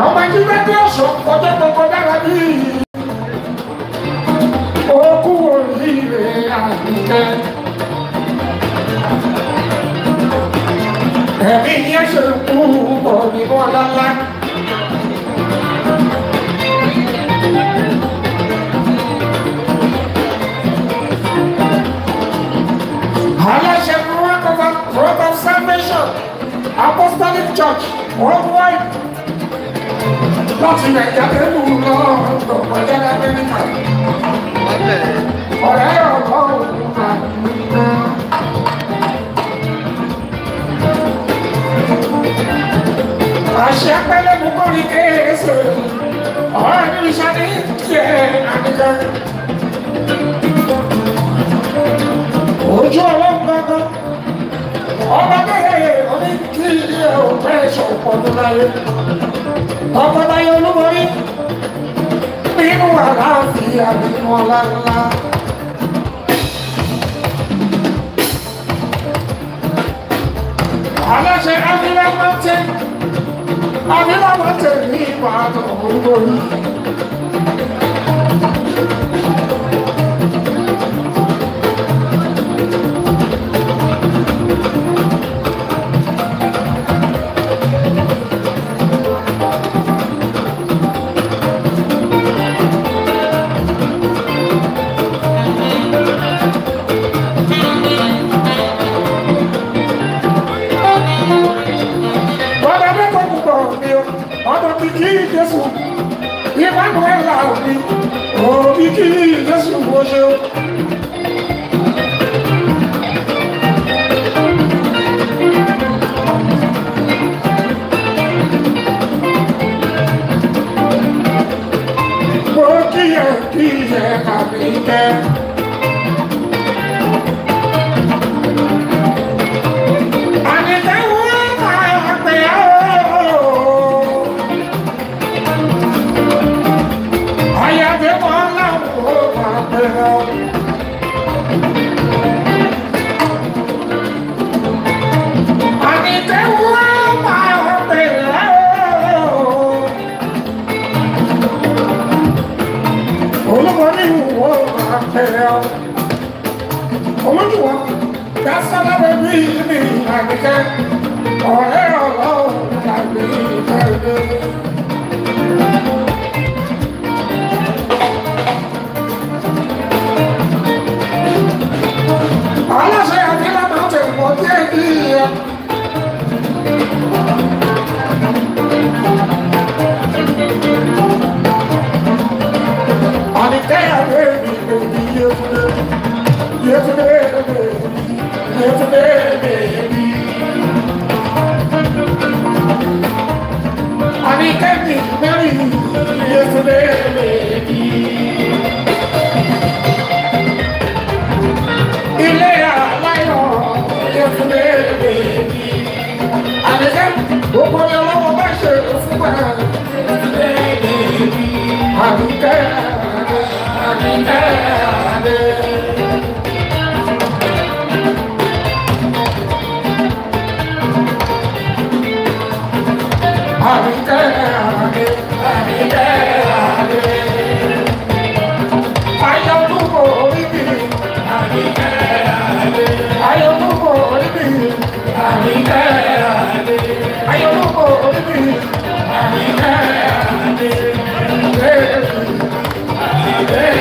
ọmọ jíjẹ tí ó sọ ọjọ́ gbogbo dára bí okú oríire àbíkẹ́. ẹ̀mí yẹn ṣe kú bọ̀ nínú ọlọ́lá. aláṣẹ rock of salvation apostolic church worldwide láti nàìjà tẹ́lú lọ ọ̀pọ̀ jáde amẹ́ríkà. ọ̀rẹ́ ọ̀pọ̀ òkú máa ń ná. àṣẹ pẹ̀lẹ́ mú kórìí kéésì ọ̀rọ̀ ní ìṣàlẹ̀ tiẹ̀ àdìgá. ojú ọlọ́run gbọ́ngàn ọba bẹ́ẹ̀ oníkìlì ọ̀pẹ́ ìṣọ̀pọ̀ tó láyé tọkọtaya olúborí nínú àlàáfíà àbínú ọláńlá. aláṣẹ abiláwọ̀ tẹ abiláwọ̀ tẹ ní ìbàdàn olúborí. money won't fail. Owó ni wọ́n dá sábàbẹ̀ bí ibi àgbẹ̀kẹ́ ọ̀rẹ́ ọlọ́run tàbí ìfẹ́ Aláṣẹ àti alábàáṣẹ ìwọ̀n jẹ́ bí ìyẹn. Thank you. I baby, yesterday, Ani yesterday, mi ló ní Yétúndé, Yétúndé mi, yesterday, mi. Ani kẹ́mi mẹ́rin Yétúndé mi. yesterday, aláyọ̀ Yétúndé mi. Ani kẹ́mi gbogbo ọlọ́wọ́ bá ṣe fún Yesterday, Yétúndé mi. Ani kẹ́mi. Yeah.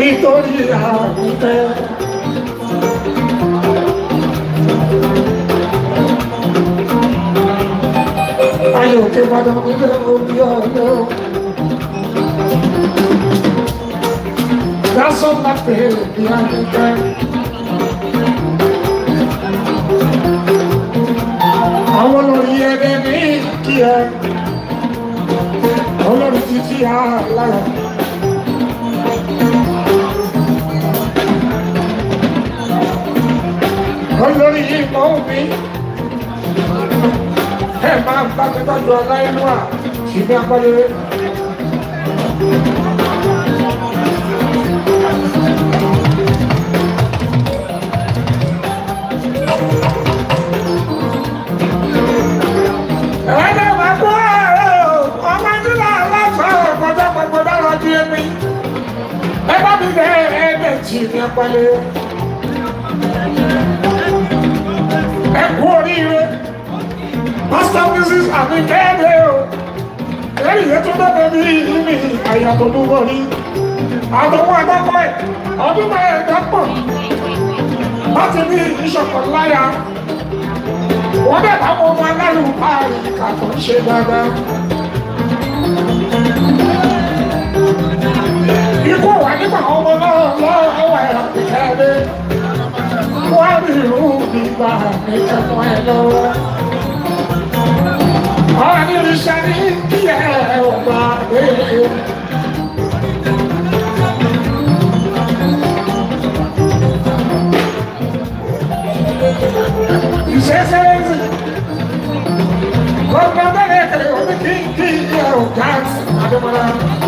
em torno de Jacutã. Ai eu tenho uma dama muito grande, pior não. Garçom da A Àwọn olórí ẹgbẹ́ mi kí ẹ, olórí títí àlàyé. olórí yìí mọ̀ ń bí ẹ máa ń bá mi tọ́jú ọláìlúwà ìní akọ́lẹ́wé. Ẹ bá mi bẹ̀rẹ̀ ẹ̀ẹ́dẹ̀jì ní ọpọlọ. masterpieces àmì kẹ́ẹ̀dẹ̀ o lẹ́yìn ètò dọ́dọ̀ ní ìlú àyà tó dúró rí àtọwọ́ àgbàpọ̀ ẹ̀ ọdún mẹ́rin dápọ̀ láti ní ìṣọ̀kan láyà wọ́n bẹ̀ táwọn ọmọ alárùn báyìí kàtó ń ṣe dáadáa. Ikú wà nípa ọmọ náà lọ́wọ́ ẹ̀rọ ìkẹ́lẹ́. Wọ́n á rí ìlú ìgbà ìkẹ́kọ̀ọ́ ẹ̀ lọ́wọ́. قال الشريك يا وطني Jesus, come on, let me go.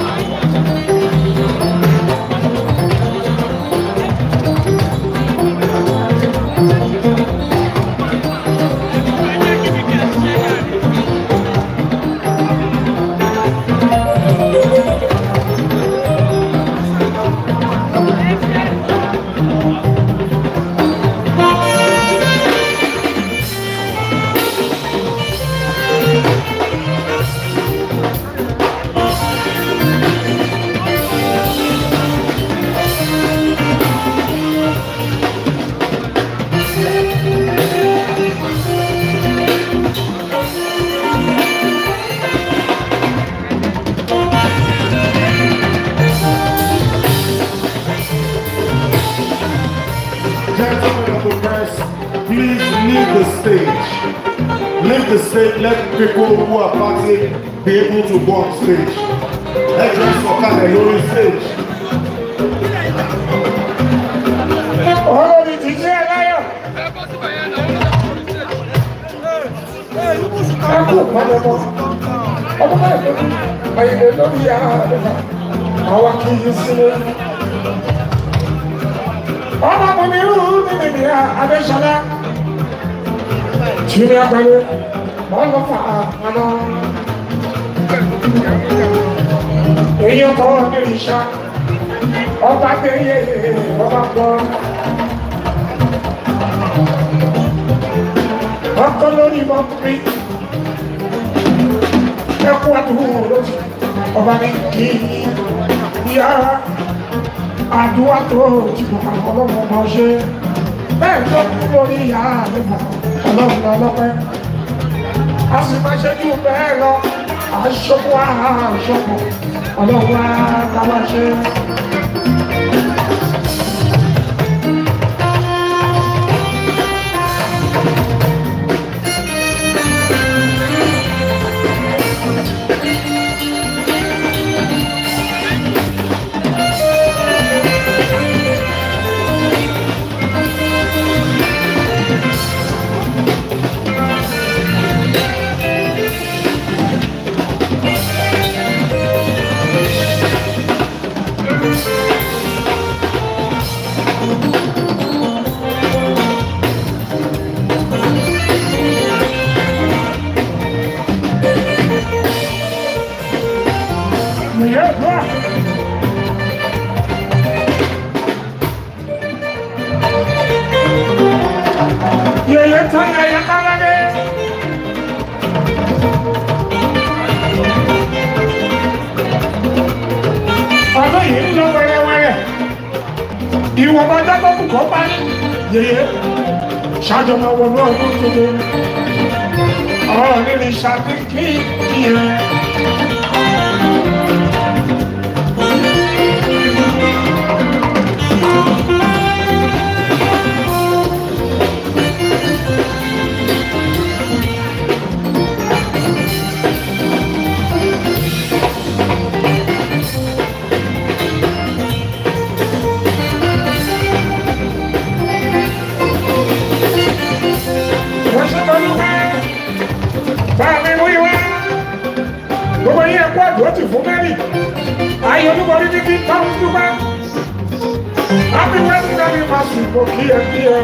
gentlemen of the press, please leave the stage. Leave the stage, let people who are party be able to go on stage. Let dress for Kale Lori stage. Ọ̀rọ̀ ìdíje aláyọ̀. Ẹ kú pàdánù. Ọmọ náà ló ní ọ̀yẹ̀dẹ̀ lórí ara rẹ̀. Àwa kì í yí sílé. Ọmọ ìyá Adéṣọlá ṣíní agbáyé wọ́n lọ fà á àná. èyí ń kọ́ ní ìṣá ọba gbẹ̀yẹ ọba gbọ́. ọkọ lórí mọ́kùnrin ẹkú àdúgbò lóṣù ọba bẹ́ẹ̀ ló kú lórí ìyá rẹ̀ mọ̀ ọlọ́run lọ́lọ́pẹ́. a sì máa ṣe jù bẹ́ẹ̀ lọ àṣọkù àṣọkù ọlọ́run á bá wá ṣe é. bá mi mú ìwá gbogbo yín ẹkú àdúrótì fún mary ayé olúborí ní kí táwọn dúpẹ́ happy wednesday máa sùn kò kí ẹ kí ẹ.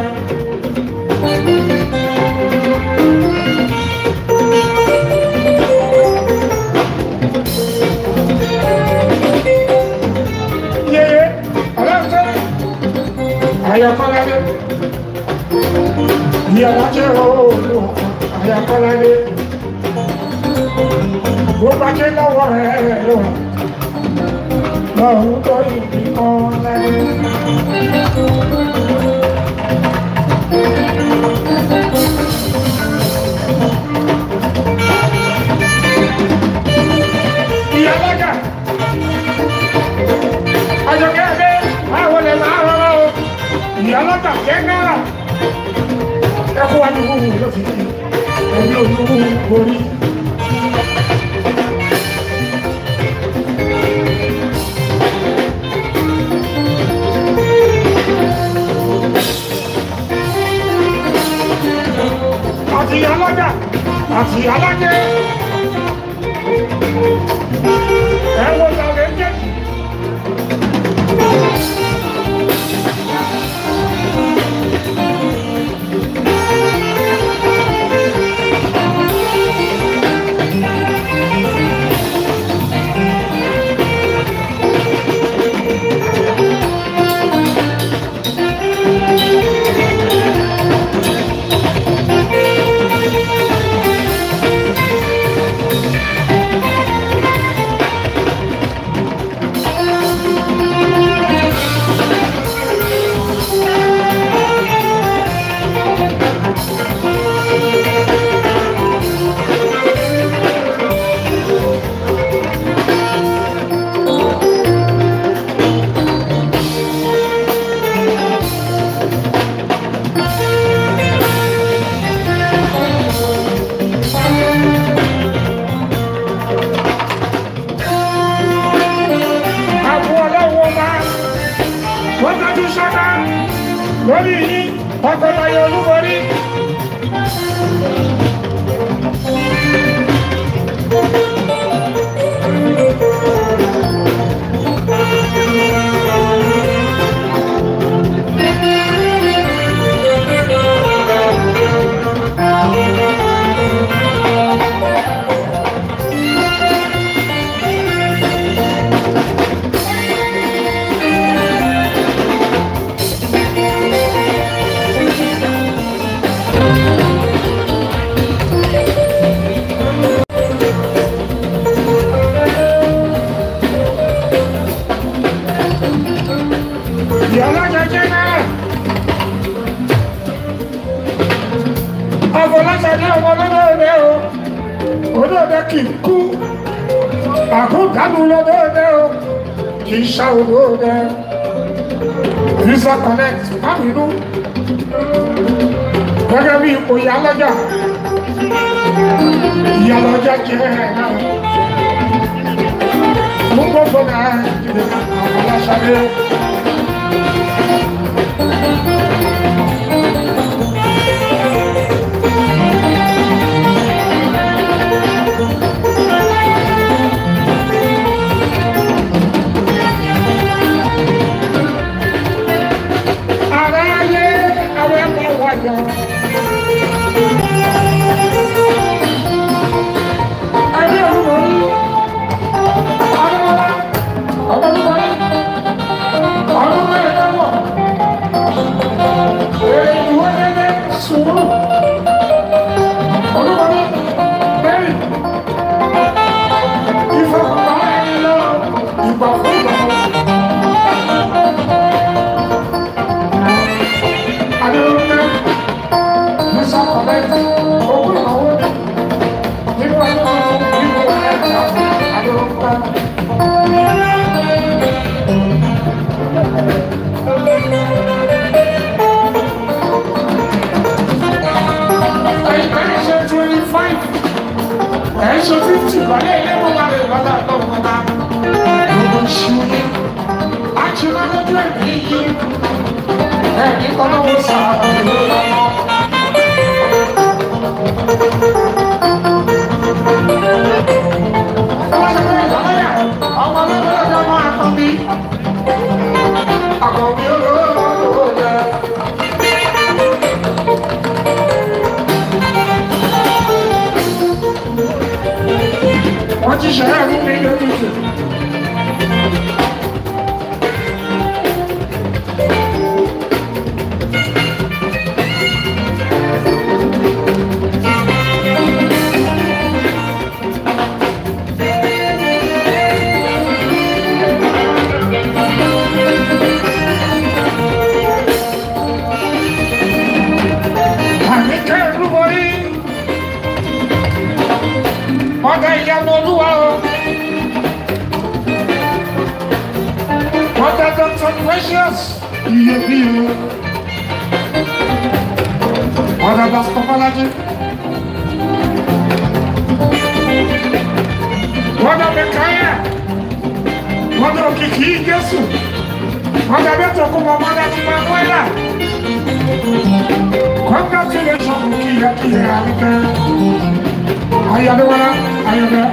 yeye ọlọ́sẹ̀ àyàkọ́ládé ìyàwó jẹ́ òòlù àyàkọ́ládé bó bá jẹ́ lọ́wọ́ rẹ̀ lò lọ́run tó ìdí kan lẹ́nu. ìyálàgà àjọkẹ́ ẹgbẹ́ báwo lè máa rọra o ìyálàgà jẹ́ náírà ẹ̀kọ́ wa àti alájà àti alájẹ ẹ wọ́n ta. sọ connect bábínú gẹ́gẹ́ bí ipò ìyálọ́jà ìyálọ́jà jẹ́ ẹ̀ náà mú gbogbo náà jìnnà àwọn aláṣàlẹ̀. ìkọ̀lẹ́ Thank you. 十二公民的日子。sabu k'i ka k'i yɛrɛ a bɛ kɛ a yɛ bɛ wala a yɛ bɛ a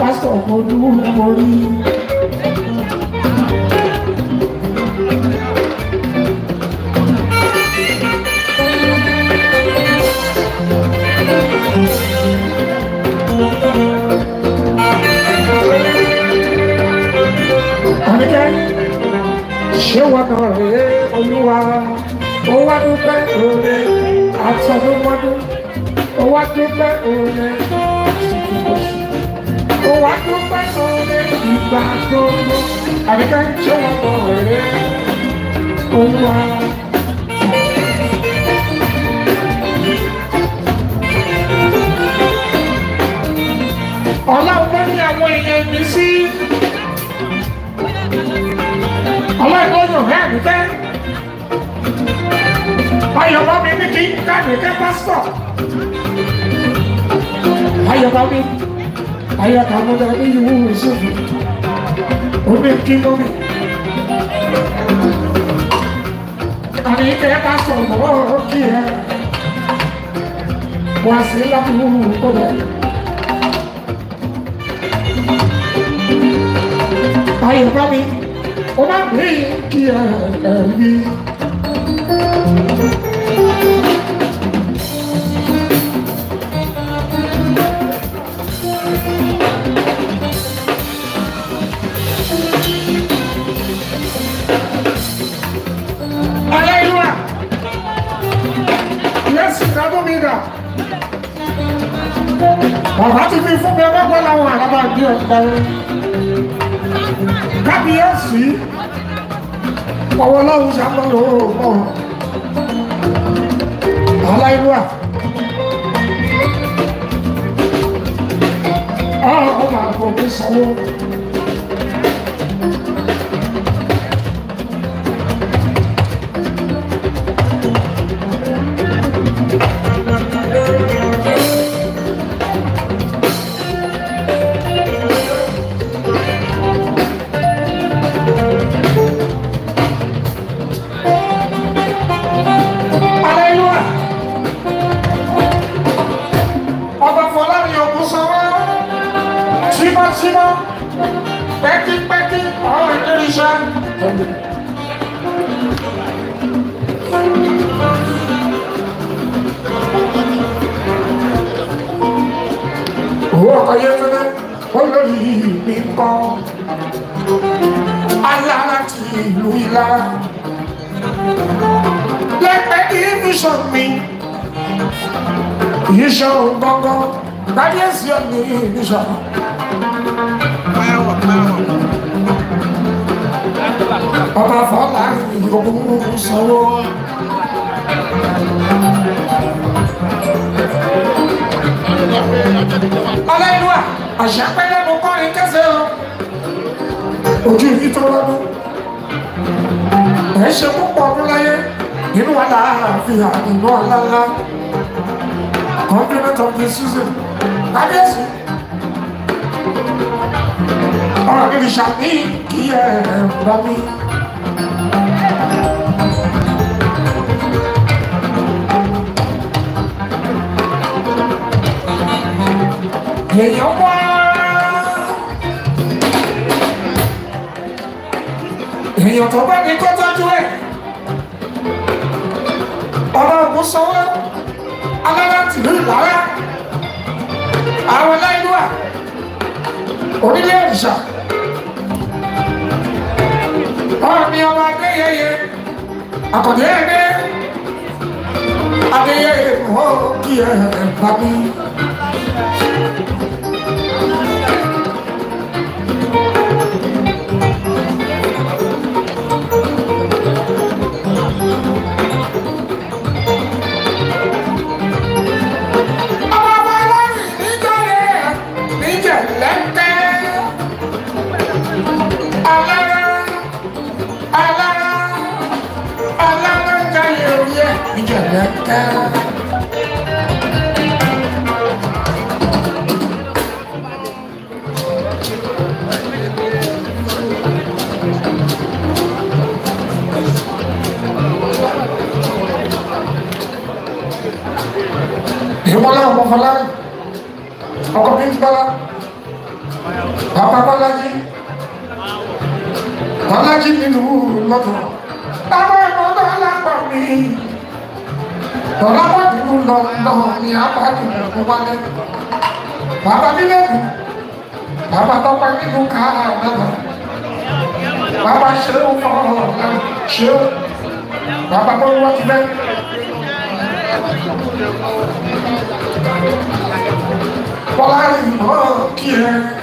pásítọ̀ ọmọ ọdún mọ́ rí. gbà gbogbo àbíká jó wọn bọ̀ rẹ̀ òun wá. ọlọ́pàá ní àwọn èèyàn mi sí ọlọ́pàá ní ọ̀rẹ́ mi fẹ́ ayọ̀bá mi ní kí káàdì kẹ́ pásítọ̀ ayọ̀bá mi ayọ̀bá mi ní ìwúwo ìṣòfò omi kí lómi. àní kẹ́ bá sọ̀rọ̀ kí ẹ wá sí lábúrú kó lọ. ayọ̀ bá mi ó má gbé kí ẹ bàbá ti fi fún mi ọlọ́gbọ́n láwọn àlábà ń gbé ọ̀tún báyìí kábíyèsí ọwọ́ ọlọ́run ṣàpọ̀lọ́ ọ̀pọ̀ aláìlúwà ọ̀hún ọmọ àgbọ̀n mi sanwó. ẹ ṣe púpọ̀ ọdún láyé inú wa là á fi hàn ìlú ọ̀làlá compliment of the season kábíyèsí ọ̀rọ̀ mi lè ṣàmì kí ẹ bá mi. Yeah, you're èèyàn tó bá ní kó tọ́jú ẹ̀ ọba ògùn sanwó alára tìlú ìlara àwọn aláìlúwà onílé òrìṣà ọ̀ọ́ni ọba adéyẹyẹ àkọ́dé ẹgbẹ́ adéyẹyẹ ọ̀ọ́ kí ẹ bá mi. Chagata. Guarda. Baba de novo. Baba tá partindo o carro. Baba chão, chão. Baba quando não tiver. Olá, irmão, que é.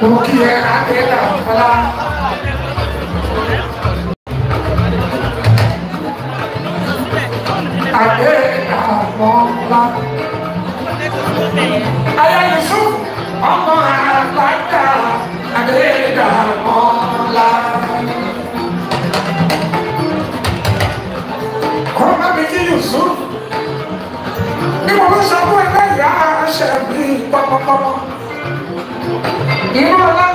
O que é a tela? Falar. ọmọ ńlá. Yusuf ọmọ àlàkà àgbéga ọmọ ńlá. Kọ́má Yusuf ní mo bá sọ fún ẹgbẹ́ ìyá aṣẹ mi pọpọpọpọ. Inú ọlá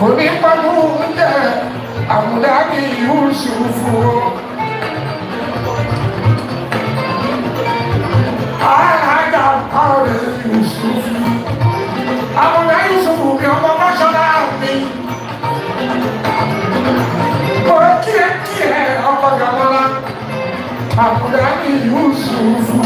خلق هودا أملاك يوسف هذا قول يوسف أملاك يوسف يوم بشر أمي وكيكي أبقى ملاك أملاك يوسف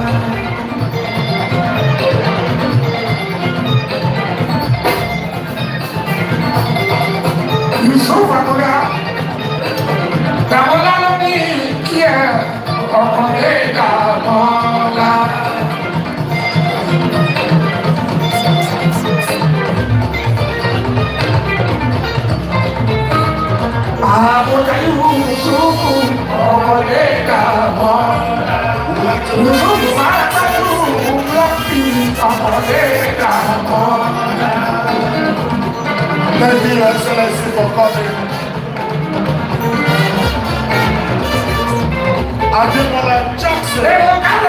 Thank you, Excellency, for coming. Ademola Jackson.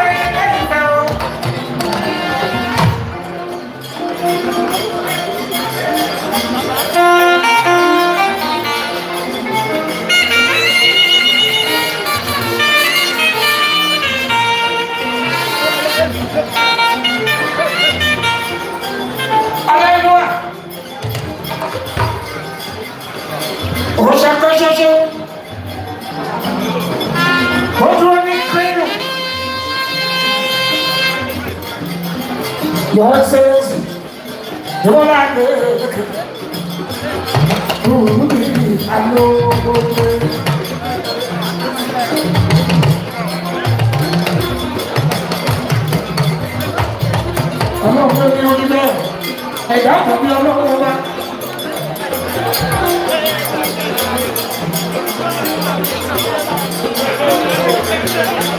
Lord says, Lord, I look to me, I know I'm not going to be on the man. Hey, y'all me, I'm not going back. Thank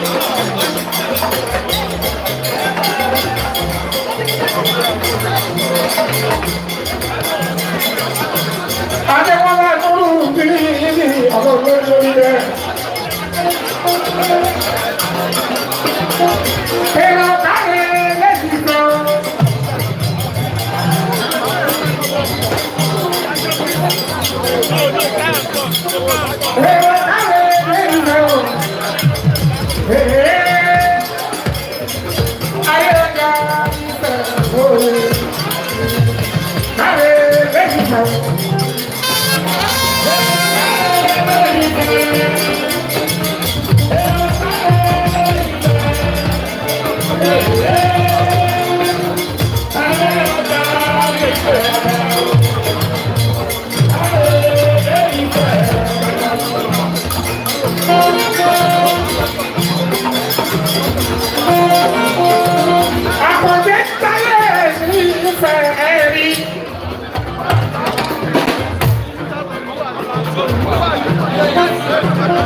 Tẹ́lá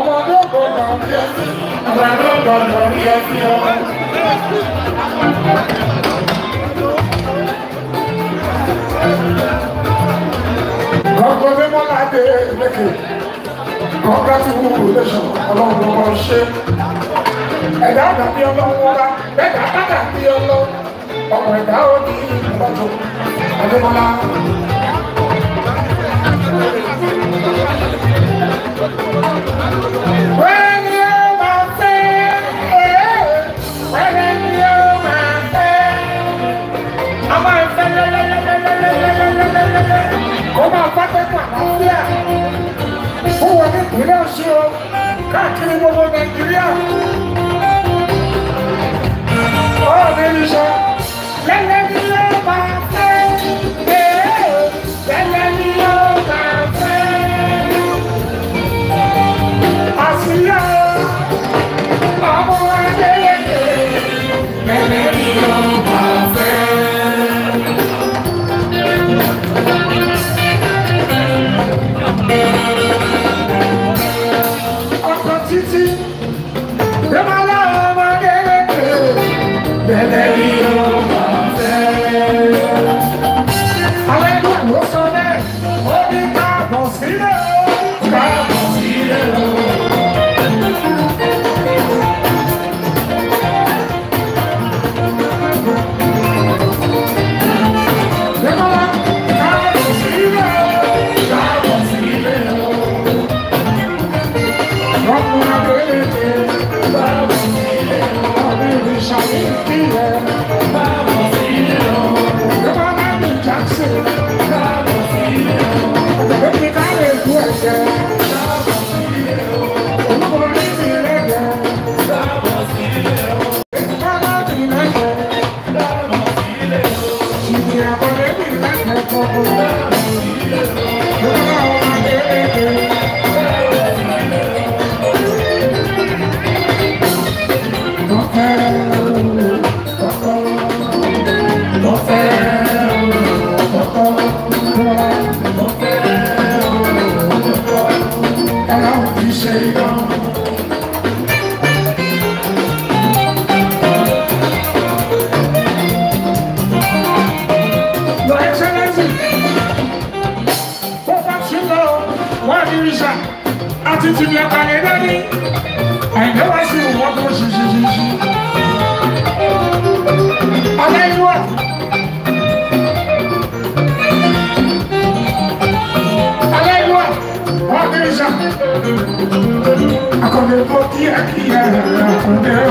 ọmọdé ọ̀gbọ̀n náà ń yẹ sí ọmọdé ọ̀gbọ̀n náà ń yẹ sí ọ. Kọ̀ọ̀kan bí wọ́n náà dé lékè. Kọ̀ọ̀kan ti wú relation ọlọ́run ọmọ ṣe. Ẹ̀dá àdàbí ọlọ́run wọ́lá, ẹ̀dá àdàbí ọlọ́run, ọ̀pọ̀ ẹ̀dá ó ní ìgbàjọ. Adébọ́lá. kó máa bá pẹ́pẹ́ àlàáfíà fún wọn ní ìpínlẹ̀ ọ̀ṣun o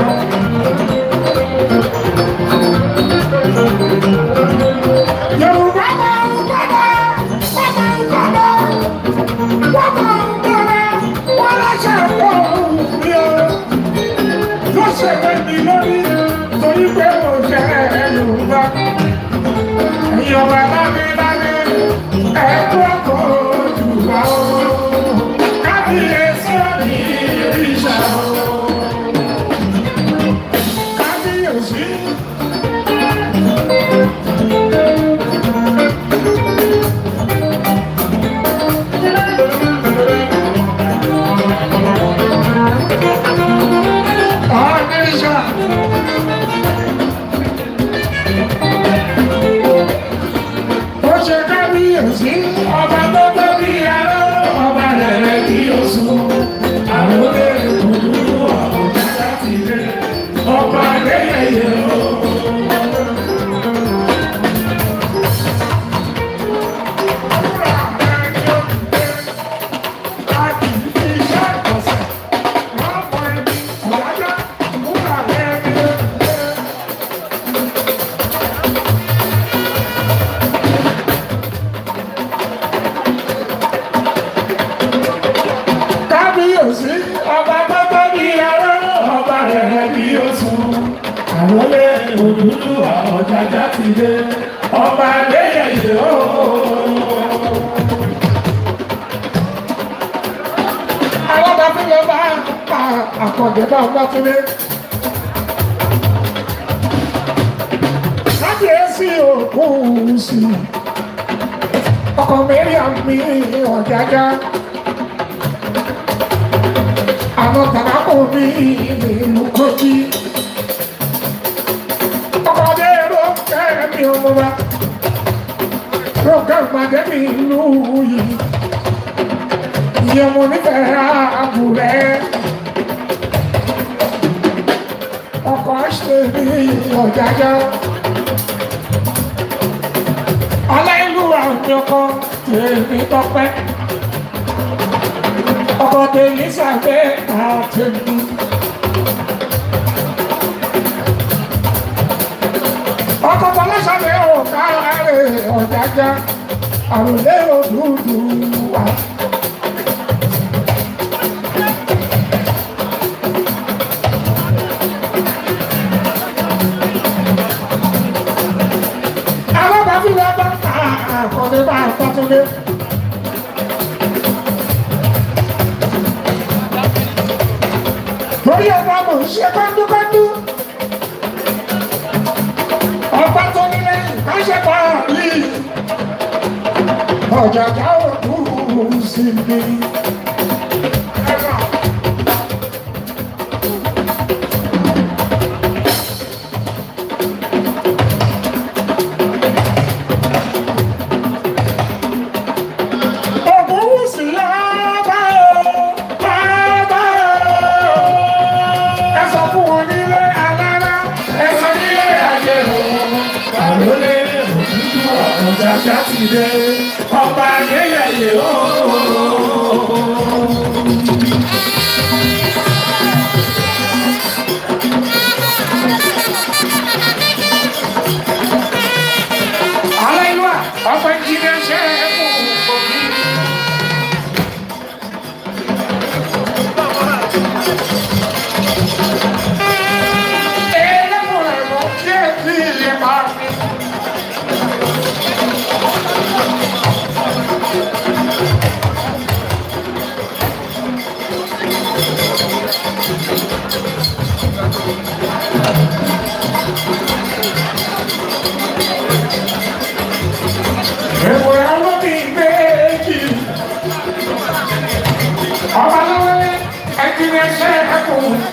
Thank you. dìde ọba adéyẹyẹ ooo. alábà fún mi bá àkàndé bá bá fún mi. kábíyèsí òkú sí ọkọ mẹ́rin mi ọ̀jájá àwọn tàbá kò ní ìlú kọ́jí. lẹ́yìn ọmọ wa program agẹ́mi ìlú yìí ìyẹn mo nífẹ̀ẹ́ àbúrẹ́ ọkọ̀ ṣe bí ọ̀dájọ́ aláìlú àwọn ọkọ̀ tèmi tọpẹ́ ọkọ̀ tèmi sàgbé àtẹ̀mí. àdájá àròlé òdúdú wa. alábàáfin wa bá àkọ́ni bá àtọ́túndé. torí ọba mò ń ṣe kọ́ńdúkọ́ńdú. ọba tó ní lẹ́yìn ká ṣe pa á ọ̀jọ̀já òkú sí mi.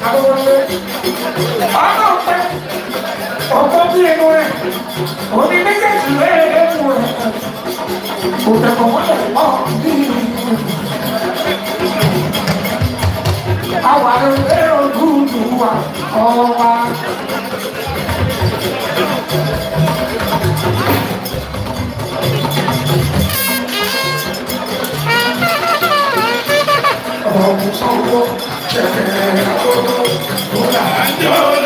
adéwọlé ọdún pẹ́ ọgbọ́n bí ẹnu rẹ̀ òní méjèèjì lẹ́yìn ẹnu rẹ̀ òtẹ̀kọ̀ mọ́lẹ̀ pọ̀ bí àwa lè ojúdu wa ọ̀rọ̀ wa. Ọ̀rọ̀ kò sọ̀rọ̀ kẹ̀kẹ́. e a Hold on,